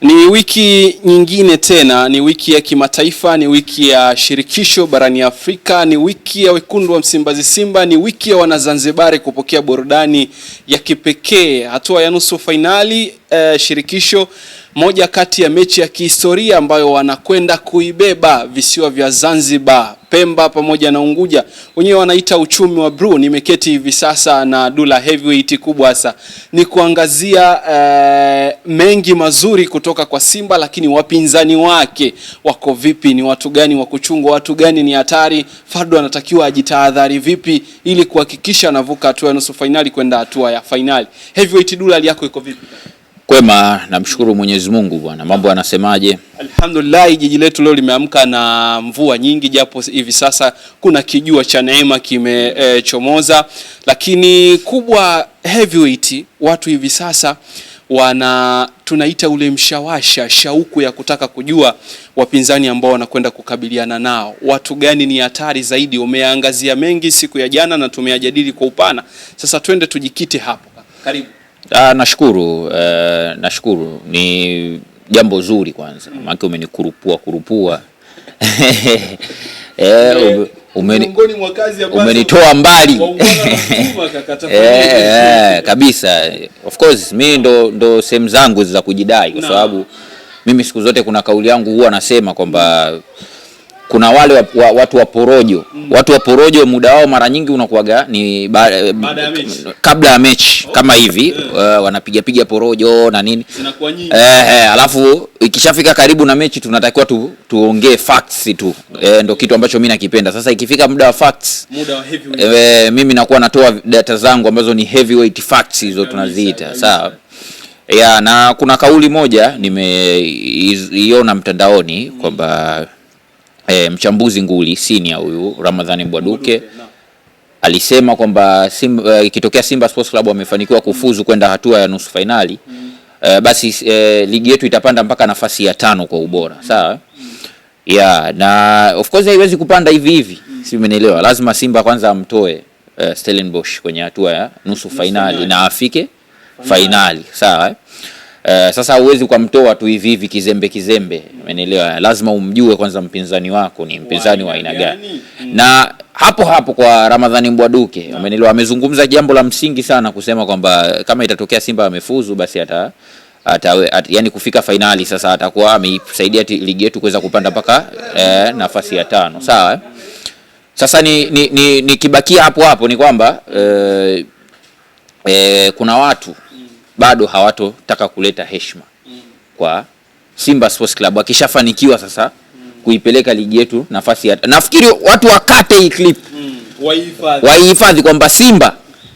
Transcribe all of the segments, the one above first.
Ni wiki nyingine tena, ni wiki ya kimataifa, ni wiki ya shirikisho barani Afrika, ni wiki ya wekundu wa Msimbazi Simba, ni wiki ya wanazanzibari kupokea burudani ya kipekee, hatua ya nusu fainali eh, shirikisho moja kati ya mechi ya kihistoria ambayo wanakwenda kuibeba visiwa vya Zanzibar, Pemba pamoja na Unguja, wenyewe wanaita uchumi wa bluu. Nimeketi hivi sasa na Dula Heavyweight, kubwa hasa ni kuangazia eh, mengi mazuri kutoka kwa Simba, lakini wapinzani wake wako vipi? Ni watu gani wa kuchungwa? Watu gani ni hatari? Fadu anatakiwa ajitahadhari vipi ili kuhakikisha anavuka hatua ya nusu fainali kwenda hatua ya fainali? Heavyweight, Dula, hali yako iko vipi? Kwema, namshukuru Mwenyezi Mungu. Bwana, mambo anasemaje? Alhamdulillah, jiji letu leo limeamka na mvua nyingi, japo hivi sasa kuna kijua cha neema kimechomoza, e, lakini kubwa Heavyweight, watu hivi sasa wana tunaita ule mshawasha, shauku ya kutaka kujua wapinzani ambao wanakwenda kukabiliana nao, watu gani ni hatari zaidi. Umeangazia mengi siku ya jana na tumeyajadili kwa upana, sasa twende tujikite hapo. Karibu. Ah, nashukuru eh, nashukuru ni jambo zuri kwanza, maana umenikurupua kurupua eh, eh umenitoa mbali eh, eh, kabisa. Of course mimi ndo, ndo sehemu zangu za kujidai kwa sababu mimi siku zote kuna kauli yangu huwa nasema kwamba kuna wale wa, wa, watu wa porojo mm. Watu wa porojo muda wao mara nyingi unakuwaga ni ba, eh, ya kabla ya mechi oh, kama hivi yeah. Uh, eh, wanapiga piga porojo na nini eh, eh, alafu ikishafika karibu na mechi tunatakiwa tu, tuongee facts tu okay. Eh, ndo kitu ambacho mimi nakipenda. Sasa ikifika muda wa facts, muda wa eh, mimi nakuwa natoa data zangu ambazo ni heavyweight facts hizo tunaziita sawa ya na kuna kauli moja nimeiona mtandaoni mm. kwamba e, mchambuzi nguli sinia huyu Ramadhani Bwaduke alisema kwamba eh, ikitokea Simba, Simba Sports Club wamefanikiwa kufuzu kwenda hatua ya nusu fainali mm. Eh, basi e, ligi yetu itapanda mpaka nafasi ya tano kwa ubora sawa yeah, na of course haiwezi kupanda hivi hivi si umenielewa? Lazima Simba kwanza amtoe uh, Stellenbosch kwenye hatua ya nusu fainali na afike fainali sawa Uh, sasa huwezi ukamtoa tu hivi hivi kizembe kizembe, umeelewa? Lazima umjue kwanza mpinzani wako ni mpinzani wa aina gani, na hapo hapo kwa Ramadhani Mbwaduke, umeelewa, amezungumza jambo la msingi sana kusema kwamba kama itatokea Simba amefuzu basi ata Ata, at, yani kufika fainali sasa atakuwa ameisaidia ligi yetu kuweza kupanda mpaka eh, nafasi ya tano sawa. Sasa ni ni, ni, ni kibakia hapo hapo ni kwamba eh, eh, kuna watu bado hawatotaka kuleta heshima kwa Simba Sports Club akishafanikiwa sasa kuipeleka ligi yetu nafasi ya, nafikiri watu wakate hii clip mm, waihifadhi kwamba Simba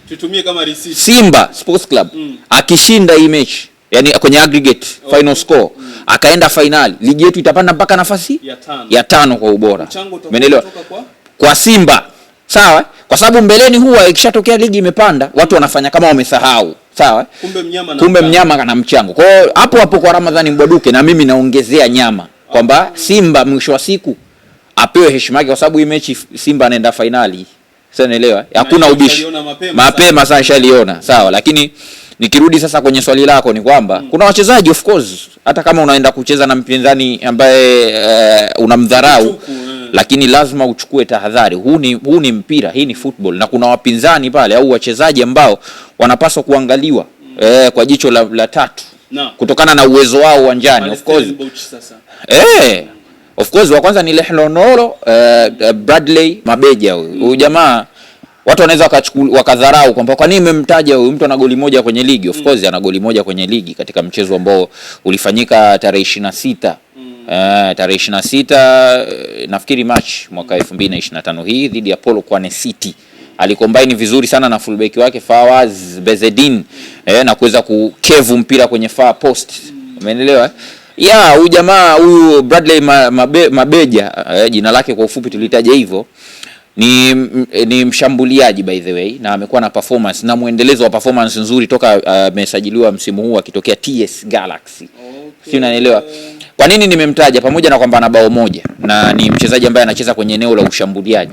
tutumie kama risiti. Simba Sports Club mm. akishinda hii mechi yani kwenye aggregate okay. Oh. final score mm. akaenda finali ligi yetu itapanda mpaka nafasi ya tano, ya tano kwa ubora, umeelewa? Kwa? kwa Simba sawa, kwa sababu mbeleni huwa ikishatokea ligi imepanda watu wanafanya kama wamesahau Sawa, eh? kumbe mnyama, kumbe mnyama kana mchango. Kwa hapo hapo kwa Ramadhani Mbwaduke na mimi naongezea nyama kwamba ah. Simba mwisho wa siku apewe heshima yake, kwa sababu hii mechi Simba anaenda fainali, sasa naelewa, hakuna ubishi mapema sasa shaliona sawa, lakini Nikirudi sasa kwenye swali lako ni kwamba mm. kuna wachezaji of course, hata kama unaenda kucheza na mpinzani ambaye uh, unamdharau mm. lakini lazima uchukue tahadhari. Huu ni, huu ni mpira, hii ni football, na kuna wapinzani pale au wachezaji ambao wanapaswa kuangaliwa mm. eh, kwa jicho la, la tatu no. kutokana na uwezo wao uwanjani of course eh, of course wa kwanza ni Lehlonolo, uh, Bradley Mabeja huyu mm. jamaa watu wanaweza wakadharau kwamba kwa nini mmemtaja huyu mtu ana goli moja kwenye ligi. Of mm. course ana goli moja kwenye ligi katika mchezo ambao ulifanyika tarehe ishirini na sita Uh, tarehe 26 eh, nafikiri match mwaka 2025 hii dhidi ya Polo Kwane City alikombaini vizuri sana na fullback wake Fawaz Bezedin eh, na kuweza kukevu mpira kwenye far post. Mm. Umeelewa? Eh? Ya huyu jamaa huyu Bradley Mabeja eh, jina lake kwa ufupi tulitaja hivyo ni, ni mshambuliaji by the way na amekuwa na performance na mwendelezo wa performance nzuri toka uh, amesajiliwa uh, msimu huu akitokea TS Galaxy. Okay. Si unanielewa? Kwa nini nimemtaja pamoja na kwamba ana bao moja na ni mchezaji ambaye anacheza kwenye eneo la ushambuliaji.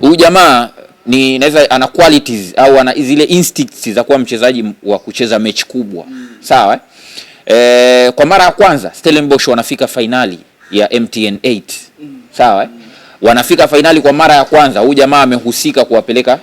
Huyu jamaa ni naweza ana qualities au ana zile instincts za kuwa mchezaji wa kucheza mechi kubwa. Mm. Sawa? Eh? eh, kwa mara ya kwanza Stellenbosch wanafika finali ya MTN 8. Mm. Sawa? Mm wanafika fainali kwa mara ya kwanza. Huyu jamaa amehusika kuwapeleka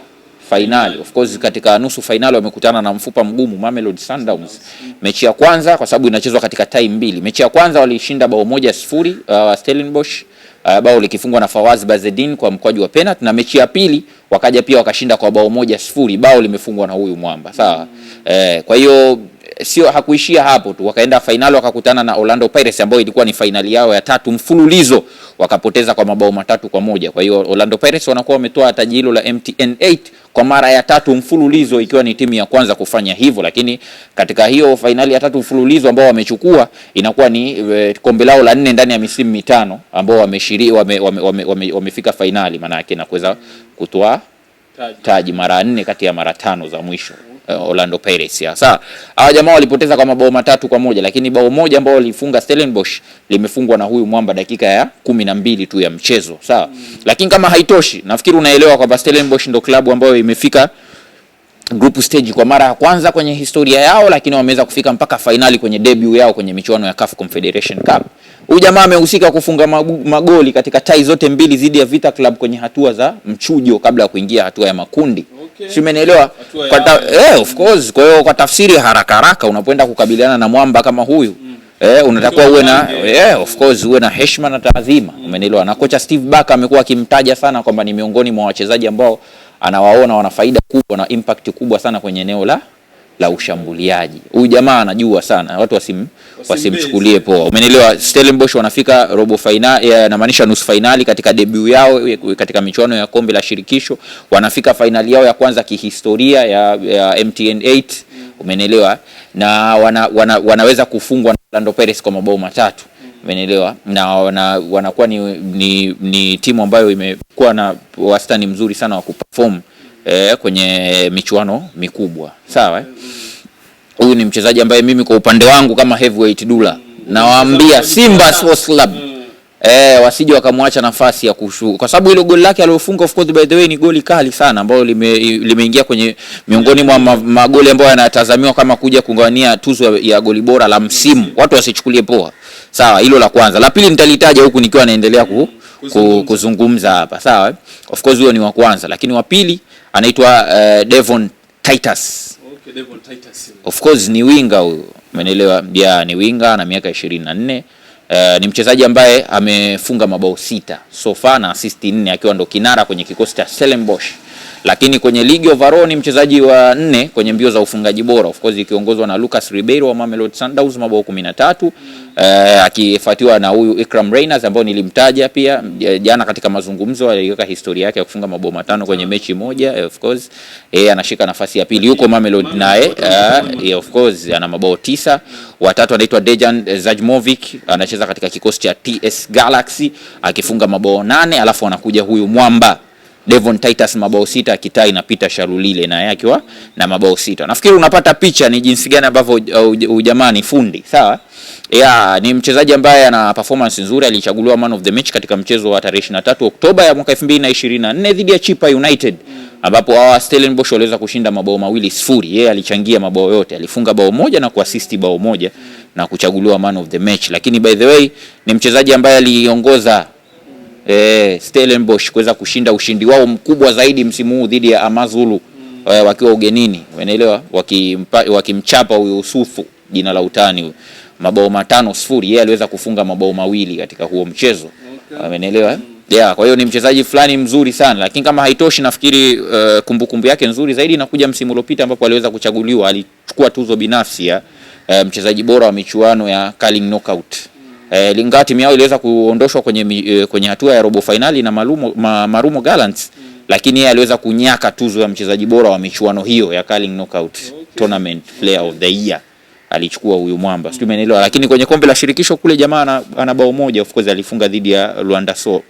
fainali. Of course katika nusu fainali wamekutana na mfupa mgumu Mamelodi Sundowns, mechi ya kwanza kwa sababu inachezwa katika time mbili. Mechi ya kwanza walishinda bao moja sifuri uh, Stellenbosch uh, bao likifungwa na Fawaz Bazedin kwa mkwaju wa penalty, na mechi ya pili wakaja pia wakashinda kwa bao moja sifuri, bao limefungwa na huyu mwamba sawa. mm. Eh, kwa hiyo sio, hakuishia hapo tu, wakaenda fainali wakakutana na Orlando Pirates ambayo ilikuwa ni fainali yao ya tatu mfululizo, wakapoteza kwa mabao matatu kwa moja. Kwa hiyo Orlando Pirates wanakuwa wametoa taji hilo la MTN 8 kwa mara ya tatu mfululizo, ikiwa ni timu ya kwanza kufanya hivyo, lakini katika hiyo fainali ya tatu mfululizo ambao wamechukua inakuwa ni e, kombe lao la nne ndani ya misimu mitano ambao wameshiri wamefika wame, wame, wame, wame fainali maana yake na kuweza kutoa taji mara nne kati ya mara tano za mwisho uh, Orlando Pirates. Sasa hawa jamaa walipoteza kwa mabao matatu kwa moja, lakini bao moja ambao walifunga Stellenbosch limefungwa na huyu mwamba dakika ya kumi na mbili tu ya mchezo sawa. Mm. Lakini kama haitoshi, nafikiri unaelewa kwamba Stellenbosch ndo klabu ambayo imefika group stage kwa mara ya kwanza kwenye historia yao, lakini wameweza kufika mpaka finali kwenye debut yao kwenye michuano ya CAF Confederation Cup. Huyu jamaa amehusika kufunga magoli katika tai zote mbili dhidi ya Vita Club kwenye hatua za mchujo kabla ya kuingia hatua ya makundi. Oh si umenielewa? Eh, of course. Kwa hiyo kwa tafsiri haraka haraka, unapoenda kukabiliana na mwamba kama huyu mm. Eh, unatakiwa uwe na yeah, of course uwe na heshima na taadhima mm. Umenielewa? Na kocha Steve Barker amekuwa akimtaja sana kwamba ni miongoni mwa wachezaji ambao anawaona wana faida kubwa na impact kubwa sana kwenye eneo la la ushambuliaji. Huyu jamaa anajua sana, watu wasim, wasimchukulie poa. umenielewa? Stellenbosch wanafika robo finali, eh, anamaanisha nusu finali katika debut yao eh, katika michuano ya kombe la shirikisho, wanafika fainali yao ya kwanza kihistoria ya, ya MTN 8 umenielewa, na wana, wana, wanaweza kufungwa na Orlando Pirates kwa mabao matatu umenielewa, na wana, wanakuwa ni, ni, ni timu ambayo imekuwa na wastani mzuri sana wa kuperform e, kwenye michuano mikubwa sawa eh? Huyu ni mchezaji ambaye mimi kwa upande wangu kama Heavyweight Dula nawaambia Simba Sports Club eh, wasije wakamwacha nafasi ya kushu kwa sababu ile goli lake aliyofunga, of course by the way, ni goli kali sana ambayo limeingia lime kwenye miongoni mwa magoli ambayo yanatazamiwa kama kuja kungawania tuzo ya goli bora la msimu. Watu wasichukulie poa, sawa. Hilo la kwanza, la pili nitalitaja huku nikiwa naendelea ku, ku, kuzungumza hapa, sawa. Eh? Of course huyo ni wa kwanza, lakini wa pili anaitwa uh, Devon Titus. Okay, Devon Titus. Of course ni winga huyu, umeelewa? bia ni winga na miaka 24. Uh, ni mchezaji ambaye amefunga mabao sita so far na assist 4 akiwa ndo kinara kwenye kikosi cha Stellenbosch lakini kwenye ligi overall ni mchezaji wa nne kwenye mbio za ufungaji bora, of course ikiongozwa na Lucas Ribeiro wa Mamelodi Sundowns mabao 13, uh, eh, akifuatiwa na huyu Ikram Reina ambao nilimtaja pia eh, jana katika mazungumzo, aliweka historia yake ya kufunga mabao matano kwenye mechi moja. Eh, of course yeye anashika nafasi ya pili yuko Mamelodi naye, eh, eh of course ana mabao tisa. Watatu anaitwa Dejan Zajmovic anacheza katika kikosi cha TS Galaxy akifunga mabao nane, alafu anakuja huyu Mwamba Devon Titus mabao sita, na Peter Sharulile naye akiwa na mabao sita. Nafikiri unapata picha ni jinsi gani ambavyo ujamani fundi, sawa? Ya, ni mchezaji ambaye ana performance nzuri, alichaguliwa man of the match katika mchezo wa tarehe 23 Oktoba ya mwaka 2024 dhidi ya Chipa United ambapo hawa Stellenbosch waliweza kushinda mabao mawili sifuri. Yeye alichangia mabao yote, alifunga bao moja na kuassist bao moja na kuchaguliwa man of the match. Lakini by the way ni mchezaji ambaye aliongoza e, Stellenbosch kuweza kushinda ushindi wao mkubwa zaidi msimu huu dhidi ya Amazulu mm. Eh, e, wakiwa ugenini, unaelewa, wakimchapa waki huyo Usufu, jina la utani huyu, mabao matano sifuri. Yeye aliweza kufunga mabao mawili katika huo mchezo okay. Amenielewa mm. Yeah, kwa hiyo ni mchezaji fulani mzuri sana, lakini kama haitoshi, nafikiri eh, kumbukumbu uh, kumbu yake nzuri zaidi inakuja msimu uliopita ambapo aliweza kuchaguliwa, alichukua tuzo binafsi ya uh, mchezaji bora wa michuano ya Carling Knockout. mm. E, eh, lingawa timu yao iliweza kuondoshwa kwenye, e, kwenye hatua ya robo fainali na Marumo, ma, Marumo Gallants mm. Lakini yeye aliweza kunyaka tuzo ya mchezaji bora wa michuano hiyo ya Carling Knockout okay. Tournament Player of the Year alichukua huyu mwamba mm. Sijui umeelewa, lakini kwenye kombe la shirikisho kule jamaa ana, ana bao moja of course alifunga dhidi ya Luanda so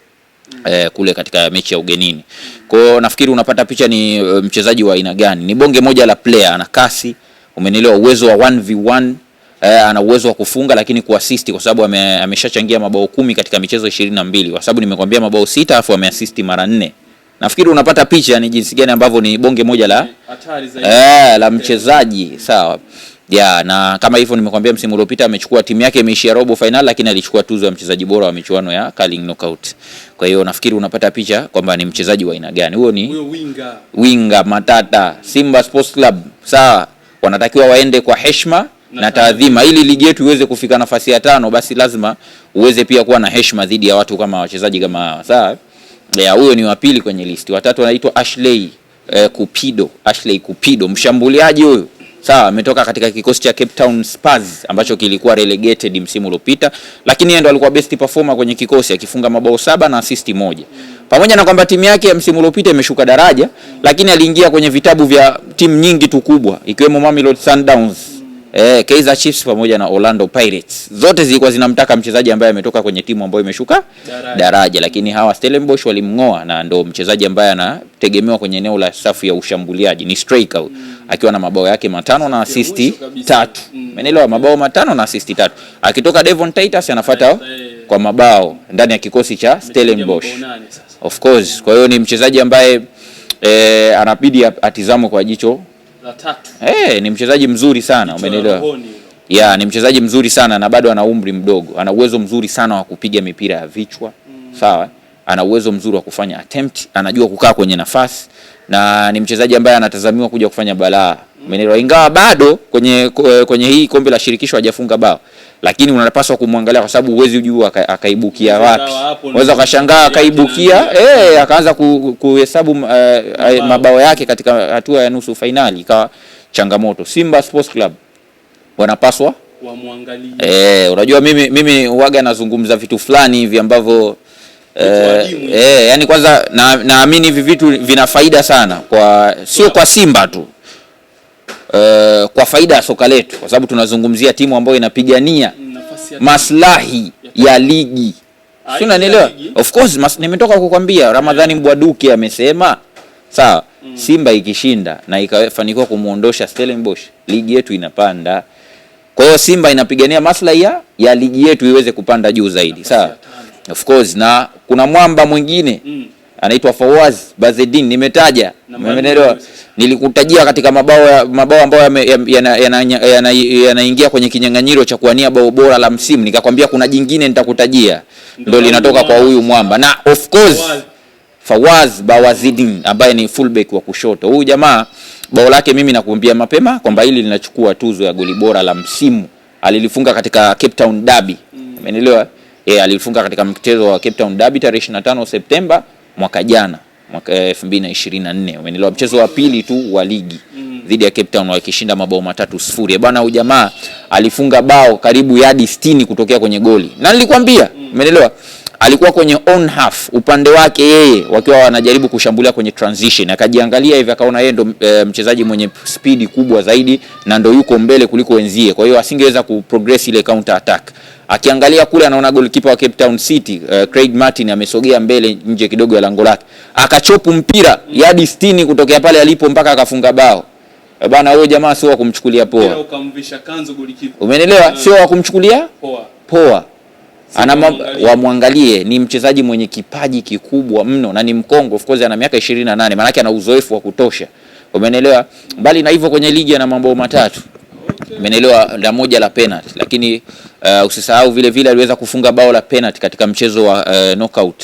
Mm. Eh, kule katika mechi ya ugenini. Kwa hiyo nafikiri unapata picha ni eh, mchezaji wa aina gani. Ni bonge moja la player, ana kasi, umenielewa, uwezo wa 1v1 eh, ana uwezo wa kufunga lakini kuassist kwa sababu ameshachangia ame mabao kumi katika michezo 22 kwa sababu nimekwambia mabao sita afu ameassist mara nne. Nafikiri unapata picha ni jinsi gani ambavyo ni bonge moja la eh, la mchezaji sawa ya na kama hivyo nimekwambia, msimu uliopita amechukua timu yake imeishia robo final, lakini alichukua tuzo ya mchezaji bora wa michuano ya Carling Knockout. Kwa hiyo nafikiri unapata picha kwamba ni mchezaji wa aina gani Huo Ni winga winga matata. Simba Sports Club sawa, wanatakiwa waende kwa heshima na taadhima, ili ligi yetu iweze kufika nafasi ya tano, basi lazima uweze pia kuwa na heshima dhidi ya watu kama wachezaji kama hawa. Sawa, huyo ni wa pili kwenye listi. Watatu anaitwa Ashley eh, Kupido. Ashley Kupido, mshambuliaji huyu Sawa, ametoka katika kikosi cha Cape Town Spurs ambacho kilikuwa relegated msimu uliopita, lakini yeye ndo alikuwa best performer kwenye kikosi akifunga mabao saba na assist moja. Pamoja na kwamba timu yake ya msimu uliopita imeshuka daraja, lakini aliingia kwenye vitabu vya timu nyingi tu kubwa ikiwemo Mamelodi Sundowns eh, Kaizer Chiefs pamoja na Orlando Pirates zote zilikuwa zinamtaka mchezaji ambaye ametoka kwenye timu ambayo imeshuka daraja, daraja lakini hawa Stellenbosch walimngoa, na ndo mchezaji ambaye anategemewa kwenye eneo la safu ya ushambuliaji ni striker mm, akiwa na mabao yake matano na assist tatu, mm. umeelewa? Mm, mabao matano na assist tatu, akitoka Devon Titus anafuata eh, eh. kwa mabao ndani ya kikosi cha Stellenbosch of course. Kwa hiyo ni mchezaji ambaye eh, anabidi atizamwe kwa jicho la tatu. Hey, eh, ni mchezaji mzuri sana umeelewa? ya ni mchezaji mzuri sana na bado ana umri mdogo, ana uwezo mzuri sana wa kupiga mipira ya vichwa mm. Sawa, ana uwezo mzuri wa kufanya attempt, anajua kukaa kwenye nafasi na ni mchezaji ambaye anatazamiwa kuja kufanya balaa Umeelewa? Ingawa bado kwenye kwenye hii kombe la shirikisho hajafunga bao, lakini unapaswa kumwangalia kwa sababu huwezi ujua akaibukia wapi. Unaweza ukashangaa akaibukia eh, akaanza kuhesabu uh, mabao yake katika hatua ya nusu fainali, ikawa changamoto. Simba Sports Club wanapaswa wamwangalie. Eh, unajua mimi mimi huaga nazungumza vitu fulani hivi ambavyo Eh, eh, yani kwanza naamini na hivi vitu vina faida sana kwa sio kwa Simba tu uh, kwa faida ya soka letu, kwa sababu tunazungumzia timu ambayo inapigania maslahi ya ligi, si Unanielewa? Of course nimetoka kukwambia, Ramadhani Mbwaduke amesema sawa, mm. Simba ikishinda na ikafanikiwa kumuondosha Stellenbosch, ligi yetu inapanda. Kwa hiyo Simba inapigania maslahi ya, ya ligi yetu iweze kupanda juu zaidi, sawa? Of course na kuna mwamba mwingine mm anaitwa Fawaz Bazedin, nimetaja umeelewa. Nilikutajia katika mabao mabao ambayo yanaingia kwenye kinyang'anyiro cha kuania bao bora la msimu, nikakwambia kuna jingine nitakutajia, ndio linatoka kwa huyu mwamba na of course Fawaz Bawazidin ambaye ni fullback wa kushoto. Huyu jamaa bao lake mimi nakuambia mapema kwamba hili linachukua tuzo ya goli bora la msimu, alilifunga katika Cape Town Derby, umeelewa. Mm. E, alilifunga katika mchezo wa Cape Town Derby tarehe 25 Septemba mwaka jana mwaka 2024 umeelewa, mchezo wa pili tu wa ligi mm. dhidi ya Cape Town wakishinda mabao matatu sifuri. Bwana huyu jamaa alifunga bao karibu yadi 60 kutokea kwenye goli, na nilikwambia, mm. umeelewa, alikuwa kwenye own half upande wake yeye, wakiwa wanajaribu kushambulia kwenye transition, akajiangalia hivi akaona yeye ndo e, mchezaji mwenye spidi kubwa zaidi na ndo yuko mbele kuliko wenzie, kwa hiyo asingeweza kuprogress ile counter attack. Akiangalia kule anaona golikipa wa Cape Town City uh, Craig Martin amesogea mbele nje kidogo ya lango lake, akachopu mpira yadi 60 kutokea pale alipo mpaka akafunga bao. Eh, bana, huyo jamaa sio wa kumchukulia poa, ukamvisha kanzu golikipa, umeelewa? Eh. Sio wa kumchukulia poa poa, ana wamwangalie, ni mchezaji mwenye kipaji kikubwa mno na ni mkongo of course, ana miaka 28 maana yake ana uzoefu wa kutosha, umeelewa? Mbali na hivyo kwenye ligi ana mambo matatu menelewa la moja la penalty, lakini uh, usisahau vile vile aliweza kufunga bao la penalty katika mchezo wa uh, knockout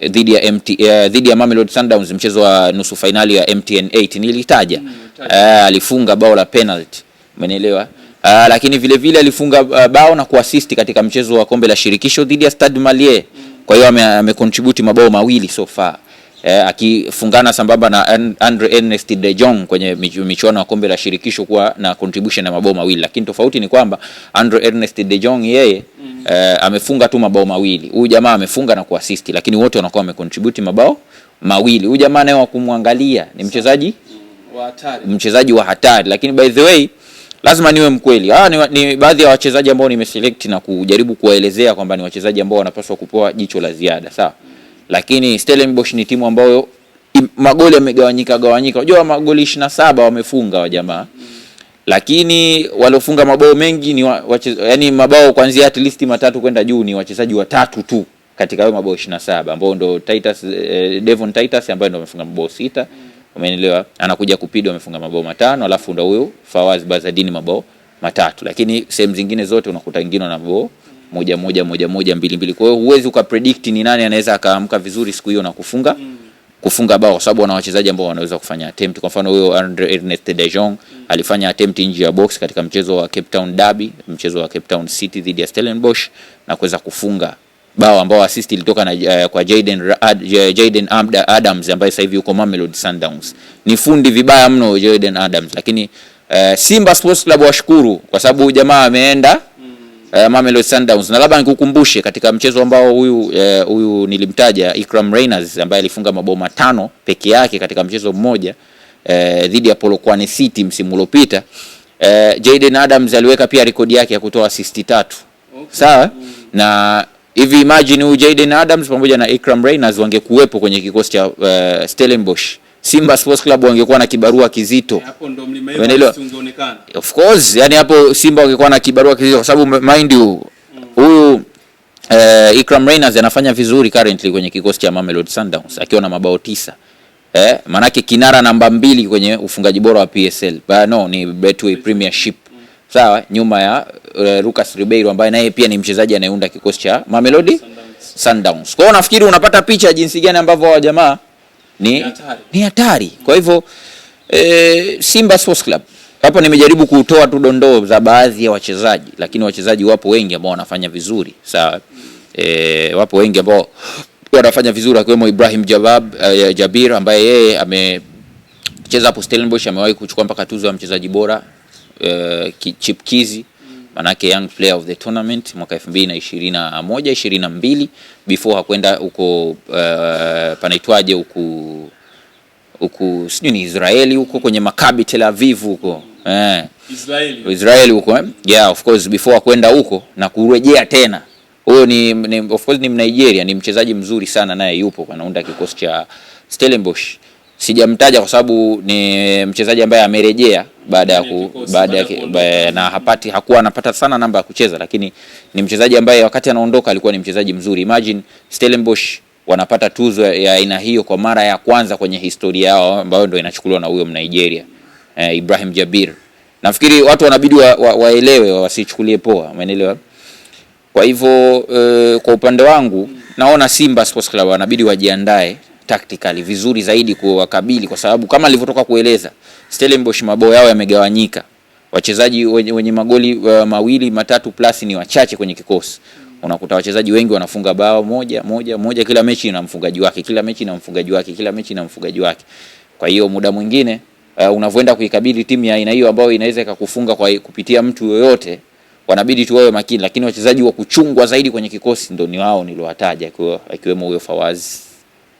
eh, dhidi ya MT eh, dhidi ya Mamelodi Sundowns, mchezo wa nusu fainali ya MTN 8 nilitaja. Uh, alifunga bao la penalty, umeelewa. Uh, ah, lakini vile vile alifunga uh, bao na kuasisti katika mchezo wa kombe la shirikisho dhidi ya Stade Malien. Mm. Kwa hiyo amecontribute mabao mawili so far eh, akifungana sambamba na Andre Ernest de Jong kwenye michuano ya kombe la shirikisho kuwa na contribution ya mabao mawili, lakini tofauti ni kwamba Andre Ernest de Jong yeye mm -hmm. eh, amefunga tu mabao mawili, huyu jamaa amefunga na kuassist, lakini wote wanakuwa wamecontribute mabao mawili. Huyu jamaa naye wakumwangalia ni mchezaji mm, wa hatari, mchezaji wa hatari, lakini by the way lazima niwe mkweli. Ah, ni, ni baadhi ya wachezaji ambao nimeselect na kujaribu kuwaelezea kwamba ni wachezaji ambao wanapaswa kupewa jicho la ziada, sawa lakini Stellenbosch ni timu ambayo magoli yamegawanyika gawanyika. Unajua magoli 27 wamefunga wa jamaa, lakini waliofunga mabao mengi ni wa, yaani mabao kuanzia at least matatu kwenda juu ni wachezaji watatu tu katika hayo mabao 27 ambao ndo Titus eh, Devon Titus ambaye ndo amefunga mabao sita. Umeelewa? Anakuja kupido amefunga mabao matano, alafu ndo huyo Fawaz Bazadini mabao matatu, lakini sehemu zingine zote unakuta wengine na mabao moja moja moja moja mbili mbili. Kwa hiyo huwezi ukapredict ni nani anaweza akaamka vizuri siku hiyo na kufunga mm. kufunga bao kwa sababu wana wachezaji ambao wanaweza kufanya attempt. Kwa mfano huyo Andre Ernest de Jong mm. alifanya attempt nje ya box katika mchezo wa Cape Town Derby, mchezo wa Cape Town City dhidi ya Stellenbosch na kuweza kufunga bao ambao assist ilitoka na uh, kwa Jayden Jayden Adams ambaye sasa hivi yuko Mamelodi Sundowns. Ni fundi vibaya mno Jayden Adams, lakini uh, Simba Sports Club washukuru kwa sababu jamaa ameenda uh, eh, Mamelodi Sundowns. Na labda nikukumbushe katika mchezo ambao huyu uh, nilimtaja Ikram Reyners ambaye alifunga mabao matano peke yake katika mchezo mmoja uh, dhidi ya Polokwane City msimu uliopita. Uh, Jayden Adams aliweka pia rekodi yake ya kutoa assist tatu. Okay. Sawa? Mm. Na hivi imagine huyu Jayden Adams pamoja na Ikram Reyners wangekuwepo kwenye kikosi cha uh, Stellenbosch Simba Sports Club wangekuwa na kibarua kizito. Eh, hapo ndo mlima Of course, yani hapo Simba wangekuwa na kibarua kizito kwa sababu mind you huyu mm. eh, Ikram Reyners anafanya vizuri currently kwenye kikosi cha Mamelodi Sundowns akiwa na mabao tisa. Eh, manake kinara namba mbili kwenye ufungaji bora wa PSL. Ba, no ni Betway Premiership. Mm. Sawa, nyuma ya uh, Lucas Ribeiro ambaye naye pia ni mchezaji anayeunda kikosi cha Mamelodi Sundowns. Sundowns. Kwa hiyo nafikiri unapata picha jinsi gani ambavyo wa jamaa ni hatari, ni hatari. Kwa hivyo e, Simba Sports Club hapo nimejaribu kutoa tu dondoo za baadhi ya wachezaji, lakini wachezaji wapo wengi ambao wanafanya vizuri sawa. E, eh, wapo wengi ambao wanafanya vizuri akiwemo Ibrahim Jabab, uh, Jabir ambaye yeye amecheza hapo Stellenbosch, amewahi kuchukua mpaka tuzo ya mchezaji bora uh, chipkizi manake young player of the tournament mwaka 2021 22, before hakwenda huko uh, panaitwaje huku huku sijui ni Israeli huko kwenye makabi Tel Aviv huko eh, Israeli Israeli huko eh? yeah of course before kwenda huko na kurejea tena. Huyo ni, ni of course ni Nigeria, ni mchezaji mzuri sana, naye yupo anaunda kikosi cha Stellenbosch sijamtaja kwa sababu ni mchezaji ambaye amerejea baada ya baada ya eh, na hapati hakuwa anapata sana namba ya kucheza, lakini ni mchezaji ambaye wakati anaondoka alikuwa ni mchezaji mzuri. Imagine Stellenbosch wanapata tuzo ya aina hiyo kwa mara ya kwanza kwenye historia yao, ambayo ndio inachukuliwa na huyo Mnigeria eh, Ibrahim Jabir. Nafikiri watu wanabidi wa, wa, waelewe wasichukulie poa, umeelewa? Kwa hivyo eh, kwa upande wangu naona Simba Sports Club wanabidi wajiandae tactically vizuri zaidi kuwakabili, kwa sababu kama alivyotoka kueleza, Stellenbosch mabao yao yamegawanyika. Wachezaji wenye, wenye magoli uh, mawili matatu plus ni wachache kwenye kikosi. Unakuta wachezaji wengi wanafunga bao moja moja moja, kila mechi na mfungaji wake, kila mechi na mfungaji wake, kila mechi na mfungaji wake. Kwa hiyo muda mwingine uh, unavyoenda kuikabili timu ya aina hiyo ambayo inaweza ikakufunga kwa kupitia mtu yoyote, wanabidi tu wawe makini, lakini wachezaji wa kuchungwa zaidi kwenye kikosi ndio ni wao niliowataja, akiwemo huyo Fawazi.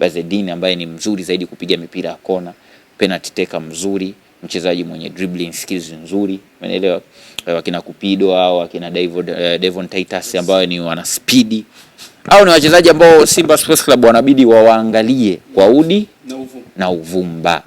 Bazzedine ambaye ni mzuri zaidi kupiga mipira ya kona, penalty taker mzuri, mchezaji mwenye dribbling skills nzuri, umeelewa. Eh, wakina Kupido au akina eh, Devon Titus ambao ni wana speed au ni wachezaji ambao Simba Sports Club wanabidi wawaangalie kwa udi na uvumba.